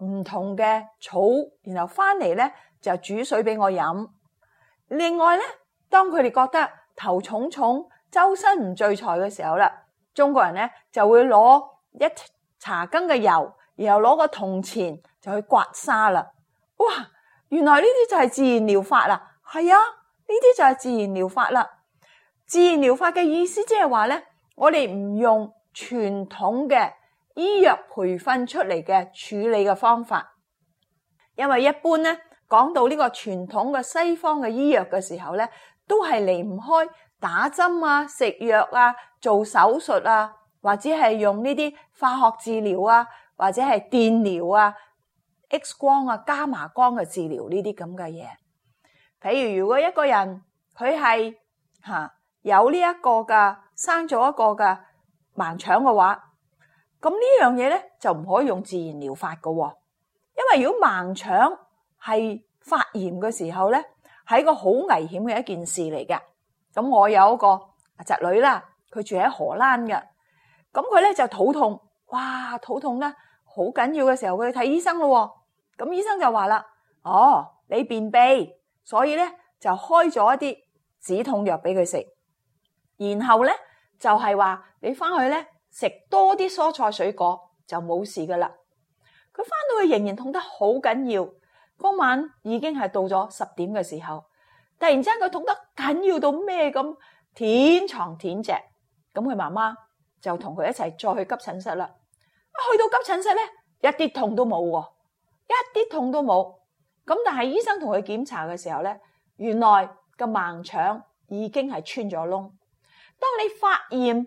唔同嘅草，然後翻嚟咧就煮水俾我飲。另外咧，當佢哋覺得頭重重、周身唔聚財嘅時候啦，中國人咧就會攞一茶羹嘅油，然後攞個銅錢就去刮痧啦。哇！原來呢啲就係自然療法啦。係啊，呢啲就係自然療法啦。自然療法嘅意思即係話咧，我哋唔用傳統嘅。醫藥培訓出嚟嘅處理嘅方法，因為一般咧講到呢個傳統嘅西方嘅醫藥嘅時候咧，都係離唔開打針啊、食藥啊、做手術啊，或者係用呢啲化學治療啊，或者係電療啊、X 光啊、伽馬光嘅治療呢啲咁嘅嘢。譬如如果一個人佢係吓有呢一個嘅生咗一個嘅盲腸嘅話。咁呢樣嘢咧就唔可以用自然療法㗎喎，哦！因為如果盲腸係發炎嘅時候咧，係一個好危險嘅一件事嚟嘅。咁我有一個侄女啦，佢住喺荷蘭嘅，咁佢咧就肚痛，哇，肚痛呢，好緊要嘅時候佢去睇醫生咯，哦。咁醫生就話啦，哦，你便秘，所以咧就開咗一啲止痛藥俾佢食，然後咧就係、是、話你翻去咧，食多啲蔬菜水果就冇事噶啦。佢翻到去仍然痛得好緊要，嗰晚已經係到咗十點嘅時候，突然之間佢痛得緊要到咩咁，舔床舔只。咁佢媽媽就同佢一齊再去急診室啦。一去到急診室咧，一啲痛都冇喎，一啲痛都冇。咁但係醫生同佢檢查嘅時候咧，原來個盲腸已經係穿咗窿。當你發現。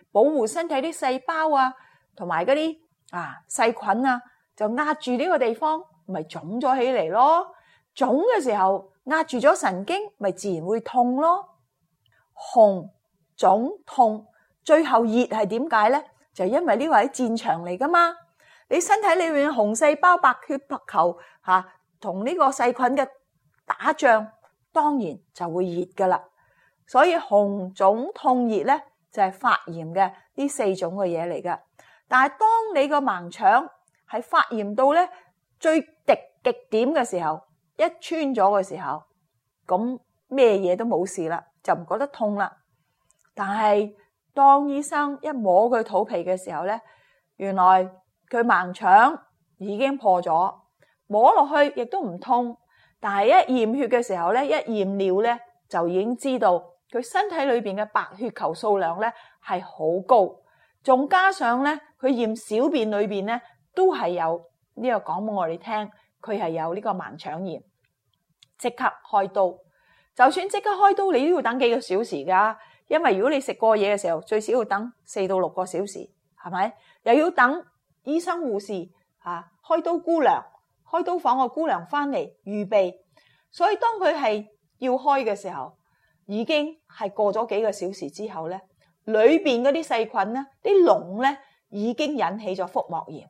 保護身體啲細胞啊，同埋嗰啲啊細菌啊，就壓住呢個地方，咪腫咗起嚟咯。腫嘅時候壓住咗神經，咪自然會痛咯。紅腫痛，最後熱係點解咧？就因為呢個喺戰場嚟噶嘛。你身體裏面紅細胞、白血白球吓，同呢個細菌嘅打仗，當然就會熱噶啦。所以紅腫痛熱咧。就係發炎嘅呢四種嘅嘢嚟噶，但係當你個盲腸係發炎到咧最極極點嘅時候，一穿咗嘅時候，咁咩嘢都冇事啦，就唔覺得痛啦。但係當醫生一摸佢肚皮嘅時候咧，原來佢盲腸已經破咗，摸落去亦都唔痛，但係一驗血嘅時候咧，一驗尿咧就已經知道。佢身體裏面嘅白血球數量咧係好高，仲加上咧佢驗小便裏面咧都係有呢、呢個講俾我哋聽，佢係有呢個盲腸炎，即刻開刀。就算即刻開刀，你都要等幾個小時噶，因為如果你食過嘢嘅時候，最少要等四到六個小時，係咪？又要等醫生護士啊開刀姑娘，開刀房個姑娘翻嚟預備，所以當佢係要開嘅時候。已經係過咗幾個小時之後咧，裏邊嗰啲細菌咧，啲膿咧已經引起咗腹膜炎。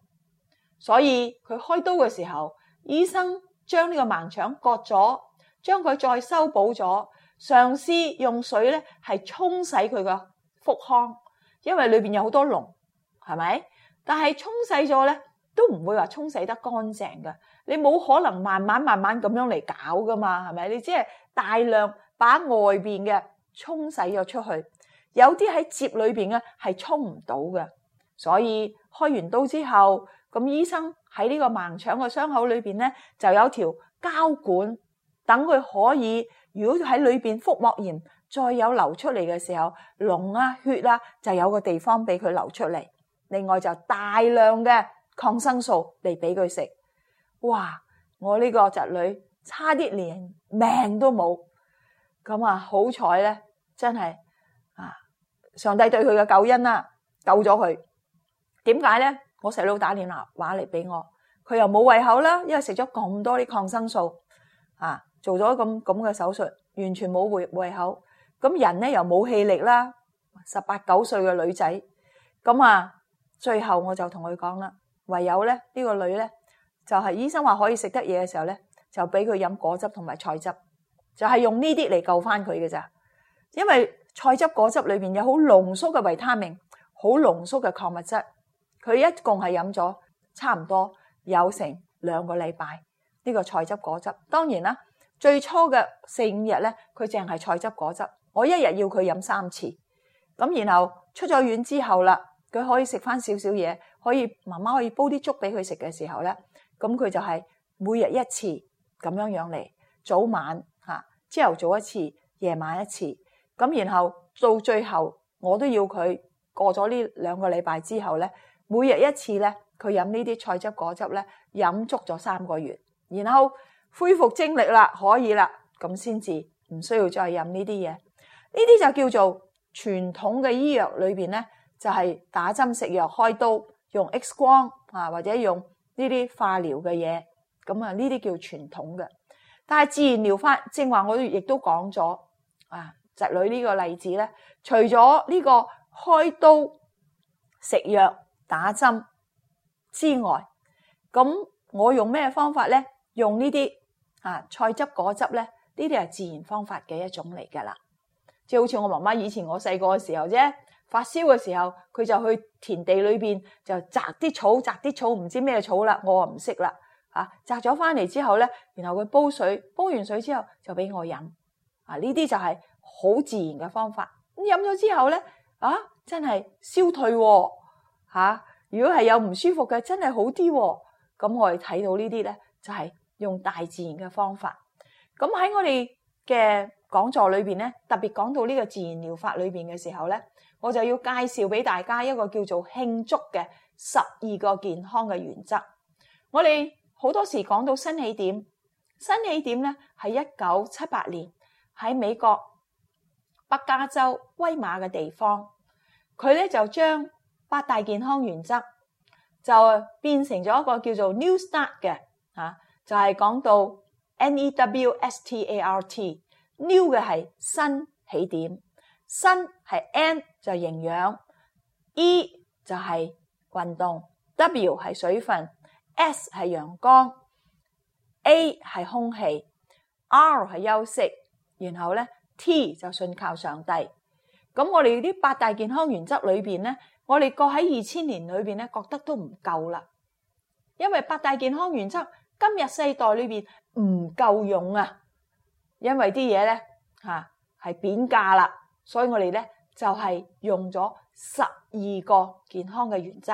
所以佢開刀嘅時候，醫生將呢個盲腸割咗，將佢再修補咗，嘗試用水咧係沖洗佢個腹腔，因為裏邊有好多膿，係咪？但係沖洗咗咧都唔會話沖洗得乾淨噶，你冇可能慢慢慢慢咁樣嚟搞噶嘛，係咪？你只係大量。把外邊嘅沖洗咗出去，有啲喺接裏邊嘅係沖唔到嘅，所以開完刀之後，咁醫生喺呢個盲腸嘅傷口裏邊咧，就有條膠管，等佢可以如果喺裏邊腹膜炎再有流出嚟嘅時候，膿啊血啦就有個地方俾佢流出嚟。另外就大量嘅抗生素嚟俾佢食。哇！我呢個侄女差啲連命都冇。咁啊，好彩咧，真係啊！上帝對佢嘅救恩啦，救咗佢。點解咧？我細佬打電話嚟俾我，佢又冇胃口啦，因為食咗咁多啲抗生素啊，做咗咁咁嘅手術，完全冇胃胃口。咁人咧又冇氣力啦，十八九歲嘅女仔。咁啊，最後我就同佢講啦，唯有咧呢個女咧，就係醫生話可以食得嘢嘅時候咧，就俾佢飲果汁同埋菜汁。就係用呢啲嚟救翻佢嘅咋，因為菜汁果汁裏邊有好濃縮嘅維他命，好濃縮嘅礦物質。佢一共係飲咗差唔多有成兩個禮拜呢個菜汁果汁。當然啦，最初嘅四五日咧，佢淨係菜汁果汁。我一日要佢飲三次咁，然後出咗院之後啦，佢可以食翻少少嘢，可以媽媽可以煲啲粥俾佢食嘅時候咧，咁佢就係每日一次咁樣樣嚟早晚。朝頭早一次，夜晚一次，咁然後到最後，我都要佢過咗呢兩個禮拜之後呢，每日一次呢，佢飲呢啲菜汁、果汁呢，飲足咗三個月，然後恢復精力啦，可以啦，咁先至唔需要再飲呢啲嘢。呢啲就叫做傳統嘅醫藥裏邊呢就係打針、食藥、開刀，用 X 光啊，或者用呢啲化療嘅嘢，咁啊呢啲叫傳統嘅。但係自然療法，正話我亦都講咗啊侄女呢個例子咧，除咗呢個開刀、食藥、打針之外，咁我用咩方法咧？用呢啲啊菜汁、果汁咧，呢啲係自然方法嘅一種嚟㗎啦。即係好似我媽媽以前我細個嘅時候啫，發燒嘅時候，佢就去田地裏邊，就摘啲草，摘啲草唔知咩草啦，我唔識啦。啊！摘咗翻嚟之後咧，然後佢煲水，煲完水之後就俾我飲。啊！呢啲就係好自然嘅方法。咁飲咗之後咧，啊！真係消退喎，啊。吓，啊，如果係有唔舒服嘅，真係好啲，啊。咁，啊、我哋睇到呢啲咧，就係、是、用大自然嘅方法。咁，啊、喺我哋嘅講座裏邊咧，特別講到呢個自然療法裏邊嘅時候咧，我就要介紹俾大家一個叫做慶祝嘅十二個健康嘅原則。我哋。好多時講到新起點，新起點咧係一九七八年喺美國北加州威馬嘅地方，佢咧就將八大健康原則就變成咗一個叫做 New Start 嘅吓，就係講到 N-E-W-S-T-A-R-T，New 嘅係新起點，新係 N 就係營養，E 就係運動，W 係水分。S 係陽光，A 係空氣，R 係休息，然後咧 T 就信靠上帝。咁我哋呢啲八大健康原則裏邊咧，我哋過喺二千年裏邊咧，覺得都唔夠啦。因為八大健康原則今日世代裏邊唔夠用啊！因為啲嘢咧吓係貶價啦，所以我哋咧就係用咗十二個健康嘅原則，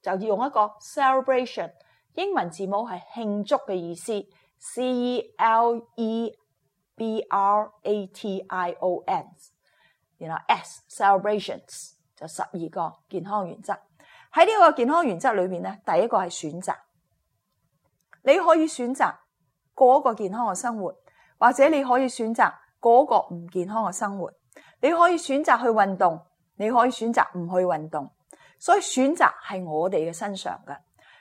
就要用一個 celebration。英文字母係慶祝嘅意思，c e l e b r a t i o n，然後 s celebrations 就十二個健康原則。喺呢個健康原則裏面咧，第一個係選擇，你可以選擇嗰個健康嘅生活，或者你可以選擇嗰個唔健康嘅生活。你可以選擇去運動，你可以選擇唔去運動。所以選擇係我哋嘅身上嘅。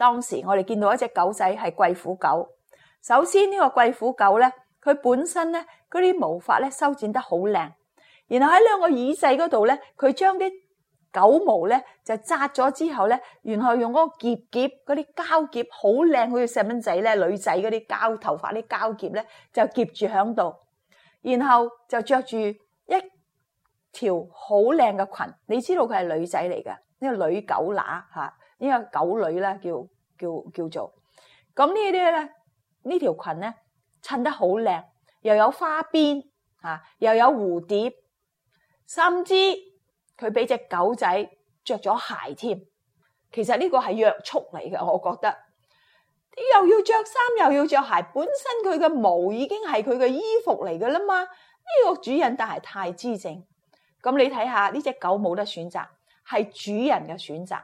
當時我哋見到一隻狗仔係貴婦狗。首先個貴呢個貴婦狗咧，佢本身咧嗰啲毛髮咧修剪得好靚。然後喺兩個耳仔嗰度咧，佢將啲狗毛咧就紮咗之後咧，然後用嗰個夾夾嗰啲膠夾，好靚好似細蚊仔咧女仔嗰啲膠頭髮啲膠夾咧，就夾住喺度。然後就穿着住一條好靚嘅裙，你知道佢係女仔嚟嘅呢個女狗乸嚇。呢個狗女咧叫叫叫做，咁呢啲咧呢條裙咧襯得好靚，又有花邊吓、啊，又有蝴蝶，甚至佢俾隻狗仔着咗鞋添。其實呢個係約束嚟嘅，我覺得又要着衫又要着鞋，本身佢嘅毛已經係佢嘅衣服嚟噶啦嘛。呢、呢個主人但係太知性，咁你睇下呢隻狗冇得選擇，係主人嘅選擇。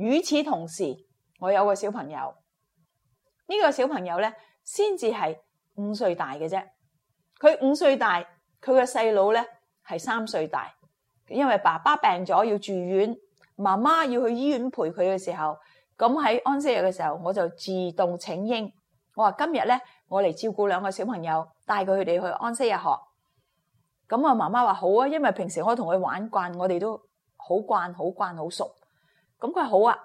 與此同時，我有個小朋友，呢個小朋友咧先至係五歲大嘅啫。佢五歲大，佢個細佬咧係三歲大。因為爸爸病咗要住院，媽媽要去醫院陪佢嘅時候，咁喺安息日嘅時候，我就自動請纓。我話今日咧，我嚟照顧兩個小朋友，帶佢哋去安息日學。咁啊，媽媽話好啊，因為平時我同佢玩慣，我哋都好慣好慣好熟。咁佢好啊，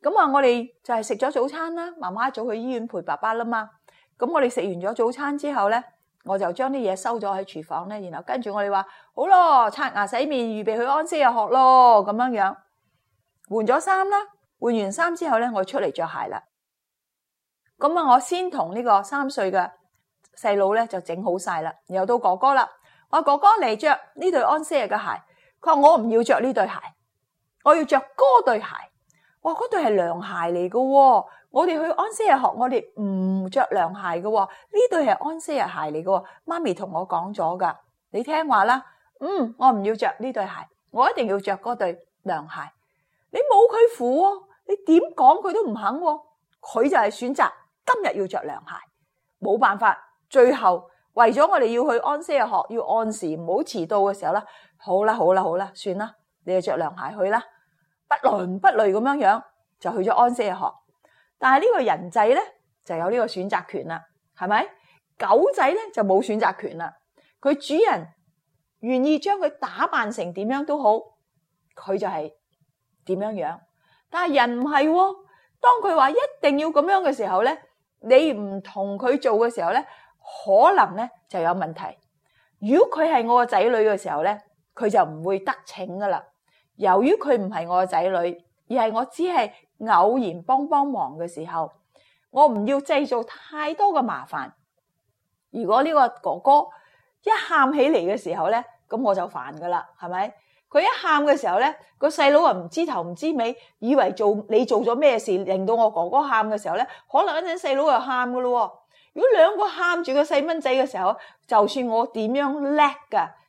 咁啊，我哋就係食咗早餐啦。媽媽一早去醫院陪爸爸啦嘛。咁我哋食完咗早餐之後咧，我就將啲嘢收咗喺廚房咧。然後跟住我哋話好咯，刷牙洗面，預備去安息日學咯。咁樣樣換咗衫啦，換完衫之後咧，我出嚟着鞋啦。咁啊，我先同呢個三歲嘅細佬咧就整好晒啦。然後到哥哥啦，我哥哥嚟着呢對安息日嘅鞋。佢話我唔要着呢對鞋。我要着嗰對鞋，哇！嗰對係涼鞋嚟㗎喎。我哋去安息日學，我哋唔着涼鞋㗎喎。呢對係安息日鞋嚟㗎喎。媽咪同我講咗噶，你聽話啦，嗯，我唔要着呢對鞋，我一定要着嗰對涼鞋。你冇佢苦，你點講佢都唔肯喎，佢就係選擇今日要着涼鞋，冇辦法。最後為咗我哋要去安息日學，要按時唔好遲到嘅時候啦，好啦好啦好啦，算啦，你就着涼鞋去啦。不倫不類咁樣樣就去咗安師學，但係呢個人仔咧就有呢個選擇權啦，係咪？狗仔咧就冇選擇權啦，佢主人願意將佢打扮成點樣都好，佢就係點樣樣。但係人唔係，哦，當佢話一定要咁樣嘅時候咧，你唔同佢做嘅時候咧，可能咧就有問題。如果佢係我個仔女嘅時候咧，佢就唔會得逞噶啦。由於佢唔係我嘅仔女，而係我只係偶然幫幫忙嘅時候，我唔要製造太多嘅麻煩。如果呢個哥哥一喊起嚟嘅時候咧，咁我就煩噶啦，係咪？佢一喊嘅時候咧，個細佬啊唔知頭唔知尾，以為做你做咗咩事令到我哥哥喊嘅時候咧，可能嗰陣細佬又喊噶喎。如果兩個喊住個細蚊仔嘅時候，就算我點樣叻噶。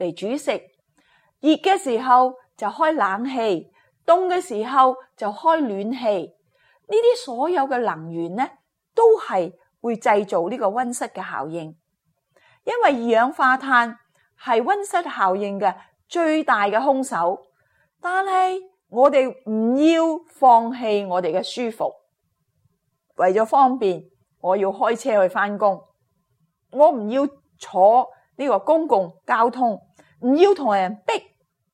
嚟煮食，熱嘅時候就開冷氣，凍嘅時候就開暖氣。呢啲所有嘅能源呢，都係會製造呢個温室嘅效應。因為二氧化碳係温室效應嘅最大嘅兇手。但係我哋唔要放棄我哋嘅舒服，為咗方便，我要開車去返工，我唔要坐呢個公共交通。唔要同人逼，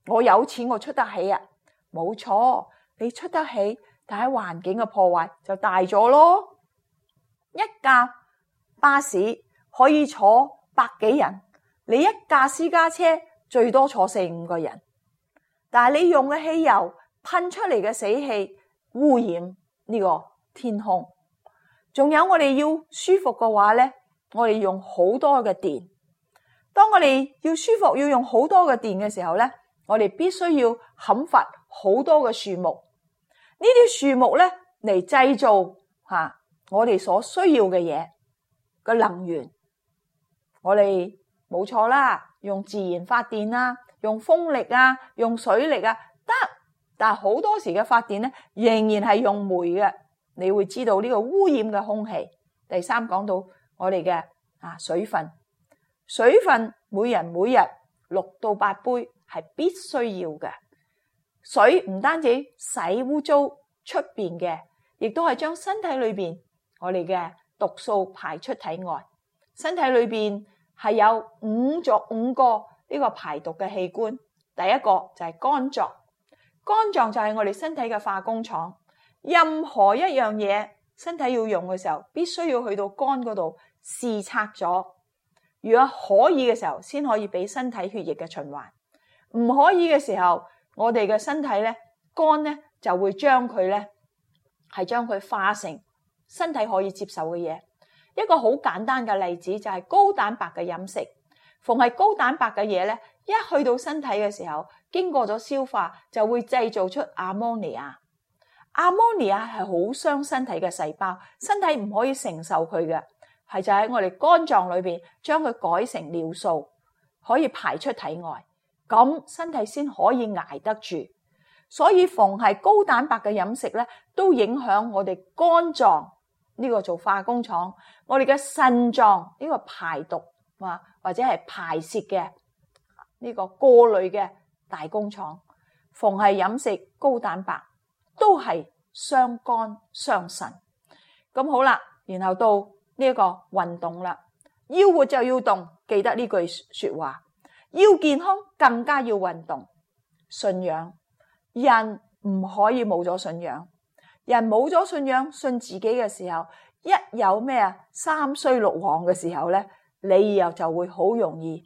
我有錢我出得起啊！冇錯，你出得起，但係環境嘅破壞就大咗咯。一架巴士可以坐百幾人，你一架私家車最多坐四五個人，但係你用嘅汽油噴出嚟嘅死氣污染呢個天空，仲有，我哋要舒服嘅話呢，我哋用好多嘅電。當我哋要舒服，要用好多嘅電嘅時候咧，我哋必須要砍伐好多嘅樹木。呢啲樹木咧嚟製造吓我哋所需要嘅嘢嘅能源，我哋冇錯啦，用自然發電啦，用風力啊，用水力啊得。但係好多時嘅發電咧，仍然係用煤嘅，你會知道呢個污染嘅空氣。第三講到我哋嘅啊水分。水分每人每日六到八杯，係必須要嘅。水唔單止洗污糟出邊嘅，亦都係將身體裏邊我哋嘅毒素排出體外。身體裏邊係有五咗五個呢個排毒嘅器官。第一個就係肝臟，肝臟就係我哋身體嘅化工廠。任何一樣嘢身體要用嘅時候，必須要去到肝嗰度試拆咗。如果可以嘅時候，先可以俾身體血液嘅循環；唔可以嘅時候，我哋嘅身體咧，肝咧就會將佢咧係將佢化成身體可以接受嘅嘢。一個好簡單嘅例子就係高蛋白嘅飲食，逢係高蛋白嘅嘢咧，一去到身體嘅時候，經過咗消化就會製造出阿摩尼亞。阿摩尼亞係好傷身體嘅細胞，身體唔可以承受佢嘅。係就喺我哋肝臟裏邊，將佢改成尿素，可以排出體外，咁身體先可以捱得住。所以逢係高蛋白嘅飲食咧，都影響我哋肝臟呢個做化工廠，我哋嘅腎臟呢個排毒啊，或者係排泄嘅呢個過濾嘅大工廠。逢係飲食高蛋白，都係傷肝傷腎。咁好啦，然後到。呢個運動啦，要活就要動，記得呢句說話。要健康更加要運動。信仰人唔可以冇咗信仰，人冇咗信仰，信自己嘅時候，一有咩啊三衰六旺嘅時候咧，你又就會好容易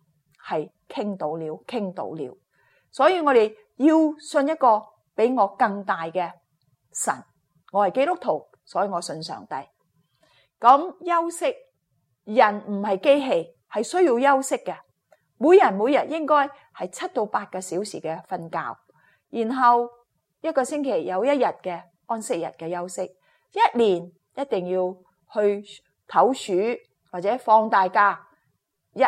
係傾倒了，傾倒了。所以我哋要信一個比我更大嘅神，我係基督徒，所以我信上帝。咁休息，人唔係機器，係需要休息嘅。每人每日應該係七到八個小時嘅瞓覺，然後一個星期有一日嘅安息日嘅休息。一年一定要去唞暑，或者放大假一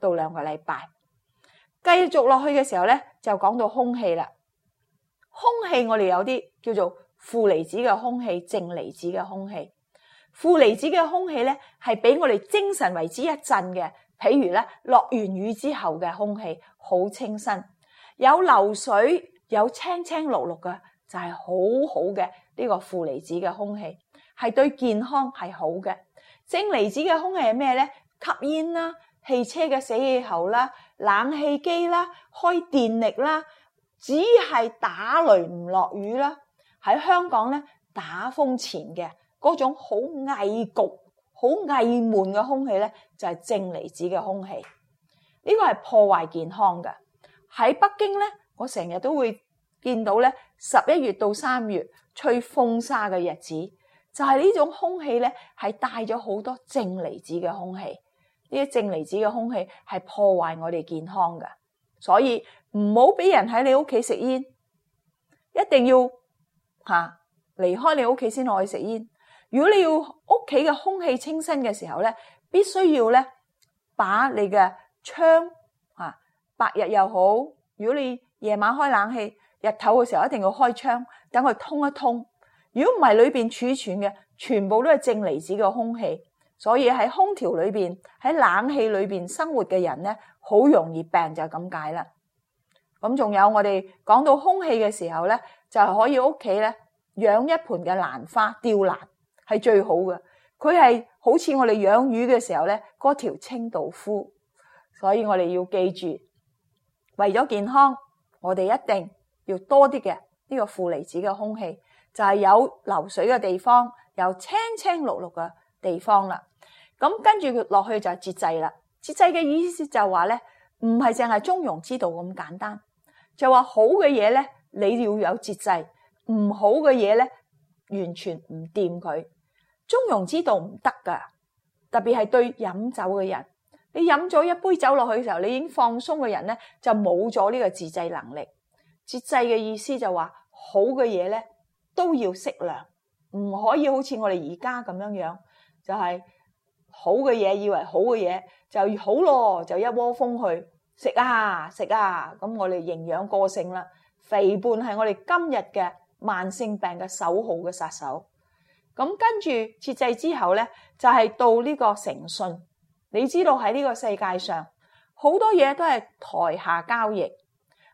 到兩個禮拜。繼續落去嘅時候咧，就講到空氣啦。空氣我哋有啲叫做負離子嘅空氣，正離子嘅空氣。負離子嘅空氣咧，係俾我哋精神為之一振嘅。譬如咧，落完雨之後嘅空氣好清新，有流水，有青青綠綠嘅，就係、是、好好嘅呢個負離子嘅空氣，係對健康係好嘅。正離子嘅空氣係咩咧？吸煙啦，汽車嘅死氣喉啦，冷氣機啦，開電力啦，只係打雷唔落雨啦。喺香港咧，打風前嘅，嗰種好翳焗，好翳悶嘅空氣咧，就係正離子嘅空氣。呢個係破壞健康嘅。喺北京咧，我成日都會見到咧，十一月到三月吹風沙嘅日子，就係呢種空氣咧，係帶咗好多正離子嘅空氣。呢啲正離子嘅空氣係破壞我哋健康嘅，所以唔好俾人喺你屋企食煙，一定要吓離開你屋企先可以食煙。如果你要屋企嘅空氣清新嘅時候咧，必須要咧，把你嘅窗啊，白日又好，如果你夜晚開冷氣，日頭嘅時候一定要開窗，等佢通一通。如果唔係，裏邊儲存嘅全部都係正離子嘅空氣，所以喺空調裏邊，喺冷氣裏邊生活嘅人咧，好容易病就咁解啦。咁仲有我哋講到空氣嘅時候咧，就係可以屋企咧養一盆嘅蘭花吊蘭。係最好嘅。佢係好似我哋養魚嘅時候咧，嗰條清道夫。所以我哋要記住，為咗健康，我哋一定要多啲嘅呢個負離子嘅空氣，就係有流水嘅地方，有青青綠綠嘅地方啦。咁跟住落去就係節制啦。節制嘅意思就話咧，唔係淨係中庸之道咁簡單，就話好嘅嘢咧，你要有節制；唔好嘅嘢咧，完全唔掂佢。中庸之道唔得噶，特別係對飲酒嘅人，你飲咗一杯酒落去嘅時候，你已經放鬆嘅人呢，就冇咗呢個自制能力。節制嘅意思就話，好嘅嘢呢都要適量，唔可以好似我哋而家咁樣樣，就係好嘅嘢以為好嘅嘢就好咯，就一窩蜂去食啊食啊，咁我哋營養過剩啦，肥胖係我哋今日嘅慢性病嘅首號嘅殺手。咁跟住節制之後呢，就係到呢個誠信。你知道喺呢個世界上好多嘢都係台下交易，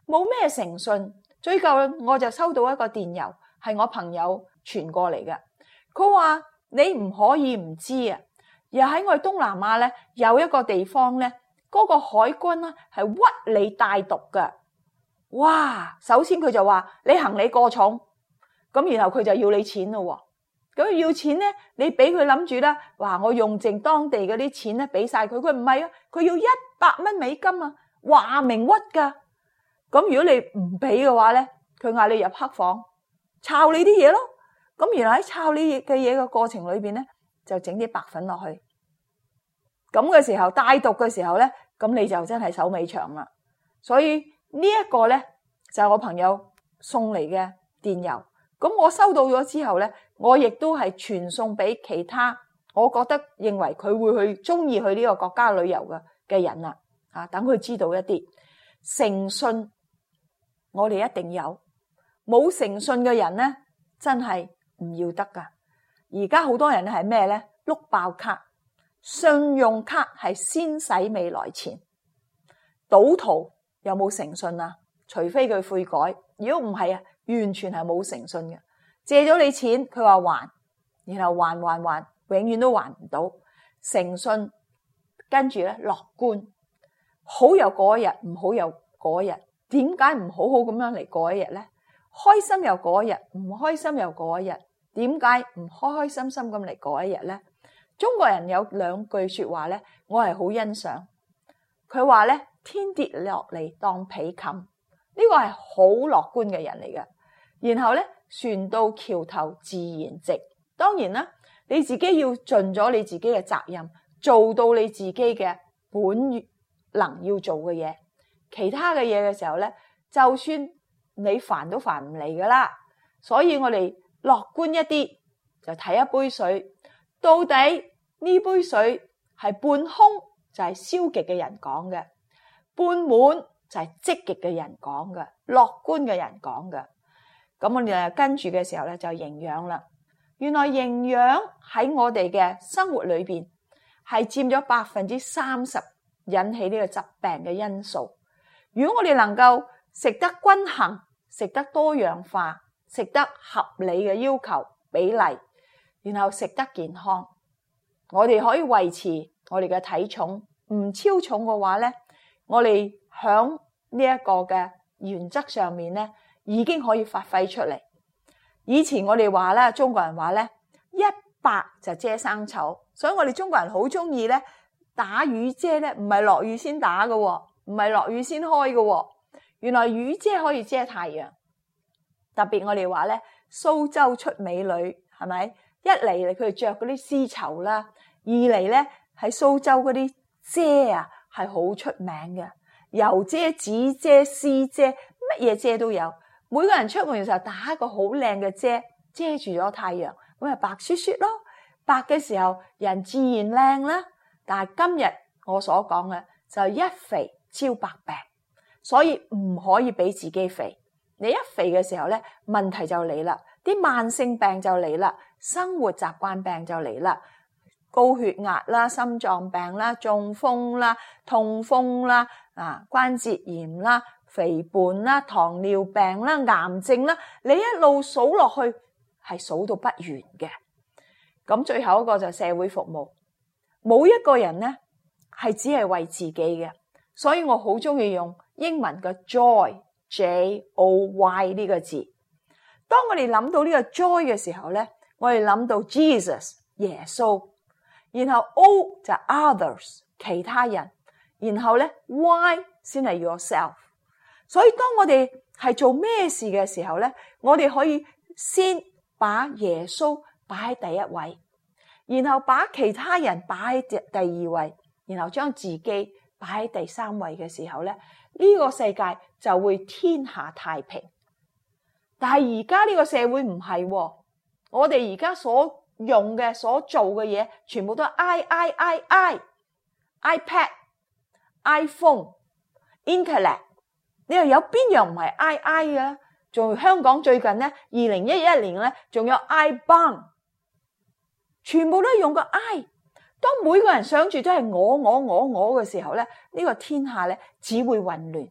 冇咩誠信。最近我就收到一個電郵，係我朋友傳過嚟嘅。佢話你唔可以唔知啊！又喺我東南亞呢，有一個地方呢，嗰個海軍呢，係屈你帶毒嘅。哇！首先佢就話你行李過重，咁然後佢就要你錢咯喎。咁要錢咧，你俾佢諗住啦，哇！我用剩當地嗰啲錢咧，俾晒佢。佢唔係啊，佢要一百蚊美金啊，話明屈噶。咁如果你唔俾嘅話咧，佢嗌你入黑房，抄你啲嘢咯。咁原來喺抄你嘅嘢嘅過程裏邊咧，就整啲白粉落去。咁嘅時候帶毒嘅時候咧，咁你就真係手尾長啦。所以呢一個咧就係我朋友送嚟嘅電郵。咁我收到咗之後咧，我亦都係傳送俾其他我覺得認為佢會去中意去呢個國家旅遊嘅嘅人啦，啊，等佢知道一啲誠信，我哋一定有，冇誠信嘅人咧，真係唔要得噶。而家好多人係咩咧？碌爆卡，信用卡係先使未來錢，賭徒有冇誠信啊？除非佢悔改，如果唔係啊？完全係冇誠信嘅，借咗你錢，佢話還，然後還還還，永遠都還唔到誠信。跟住咧，樂觀，好又過一日，唔好又過一日。點解唔好好咁樣嚟過一日咧？開心又過一日，唔開心又過一日。點解唔開開心心咁嚟過一日咧？中國人有兩句說話咧，我係好欣賞。佢話咧，天跌落嚟當被冚，呢個係好樂觀嘅人嚟嘅。然後咧，船到橋頭自然直。當然啦，你自己要盡咗你自己嘅責任，做到你自己嘅本能要做嘅嘢。其他嘅嘢嘅時候咧，就算你煩都煩唔嚟噶啦。所以我哋樂觀一啲，就睇一杯水。到底呢杯水係半空，就係消極嘅人講嘅，半滿就係積極嘅人講嘅，樂觀嘅人講嘅。咁,我哋跟住嘅時候呢,就營養啦。原來,營養,喺我哋嘅生活裏面,係佔咗百分之三十,引起呢個疾病嘅因素。如果我哋能夠,食得均衡,食得多樣化,食得合理嘅要求,比例,然後食得健康,我哋可以維持我哋嘅體重,唔超重嘅話呢,我哋喺呢一個嘅原則上面呢,已經可以發揮出嚟。以前我哋話咧，中國人話咧，一白就遮生醜，所以我哋中國人好中意咧打雨遮咧，唔係落雨先打喎，唔係落雨先開喎。原來雨遮可以遮太陽。特別我哋話咧，蘇州出美女，係咪？一嚟佢哋着嗰啲絲綢啦，二嚟咧喺蘇州嗰啲遮啊係好出名嘅，油遮、紙遮、絲遮，乜嘢遮都有。每個人出門嘅時候打一個好靚嘅遮遮住咗太陽，咁咪白雪雪咯，白嘅時候人自然靚啦。但係今日我所講嘅就一肥招百病，所以唔可以俾自己肥。你一肥嘅時候咧，問題就嚟啦，啲慢性病就嚟啦，生活習慣病就嚟啦，高血壓啦，心臟病啦，中風啦，痛風啦，啊關節炎啦。肥胖啦、糖尿病啦、癌症啦，你一路數落去係數到不完嘅。咁最後一個就係社會服務，冇一個人呢係只係為自己嘅。所以我好中意用英文嘅 joy，j o y 呢個字。當我哋諗到呢個 joy 嘅時候呢，我哋諗到 Jesus 耶穌，然後 o 就 others 其他人，然後呢 y 先係 yourself。所以當我哋係做咩事嘅時候咧，我哋可以先把耶穌擺喺第一位，然後把其他人擺喺第二位，然後將自己擺喺第三位嘅時候咧，呢個世界就會天下太平。但係而家呢個社會唔係喎，我哋而家所用嘅、所做嘅嘢，全部都 I I I I iPad iPhone Internet。你又有邊樣唔係 I I 嘅？仲香港最近咧，二零一一年咧，仲有 I Bang，全部都係用個 I。當每個人想住都係我我我我嘅時候咧，呢、這個天下咧只會混亂。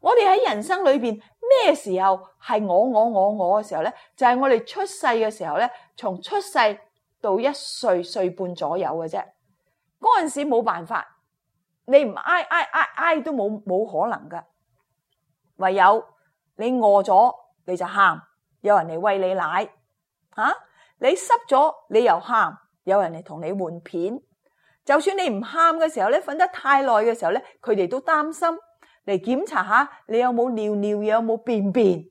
我哋喺人生裏邊咩時候係我我我我嘅時候咧？就係、是、我哋出世嘅時候咧，從出世到一歲歲半左右嘅啫。嗰陣時冇辦法，你唔 I I I I 都冇冇可能噶。唯有你餓咗你就喊，有人嚟餵你奶啊，你濕咗你又喊，有人嚟同你換片。就算你唔喊嘅時候咧，瞓得太耐嘅時候咧，佢哋都擔心嚟檢查下你有冇尿尿，有冇便便。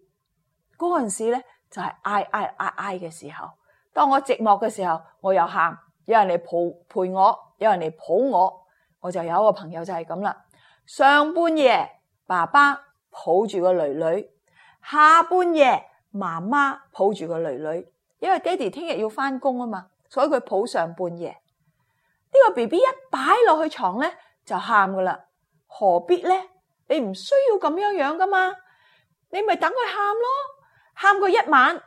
嗰陣時咧就係嗌嗌嗌嗌嘅時候。當我寂寞嘅時候，我又喊，有人嚟抱陪我，有人嚟抱我。我就有一個朋友就係咁啦，上半夜爸爸，抱住個女女，下半夜媽媽抱住個女女，因為爹哋聽日要翻工啊嘛，所以佢抱上半夜。呢個 BB 一擺落去床咧就喊噶啦，何必咧？你唔需要咁樣樣噶嘛，你咪等佢喊咯，喊佢一晚，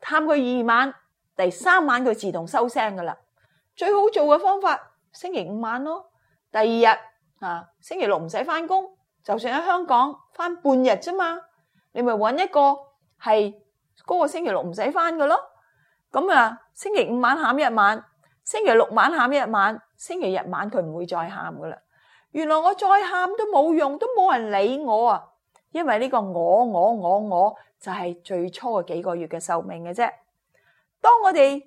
喊佢二晚，第三晚佢自動收聲噶啦。最好做嘅方法，星期五晚咯，第二日啊，星期六唔使翻工。就算喺香港返半日啫嘛，你咪揾一個係嗰個星期六唔使返嘅咯。咁啊，星期五晚喊一晚，星期六晚喊一晚，星期日晚佢唔會再喊噶啦。原來我再喊都冇用，都冇人理我啊！因為呢個我我我我就係、是、最初嘅幾個月嘅壽命嘅啫。當我哋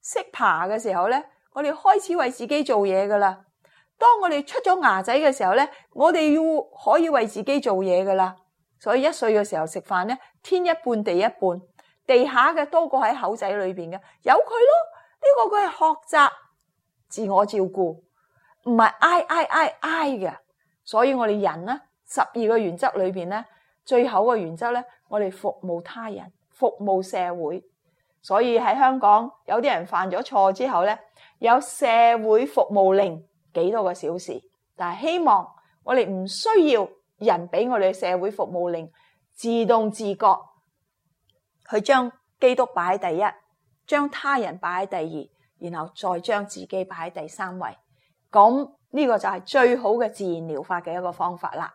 識爬嘅時候咧，我哋開始為自己做嘢噶啦。當我哋出咗牙仔嘅時候咧，我哋要可以為自己做嘢噶啦。所以一歲嘅時候食飯咧，天一半地一半，地下嘅多過喺口仔裏邊嘅，有佢咯。呢、這個佢係學習自我照顧，唔係嗌嗌嗌嗌嘅。所以我哋人咧，十二個原則裏邊咧，最後個原則咧，我哋服務他人、服務社會。所以喺香港有啲人犯咗錯之後咧，有社會服務令。幾多個小時，但係希望我哋唔需要人俾我哋嘅社會服務令，自動自覺去將基督擺喺第一，將他人擺喺第二，然後再將自己擺喺第三位，咁呢、這個就係最好嘅自然療法嘅一個方法啦。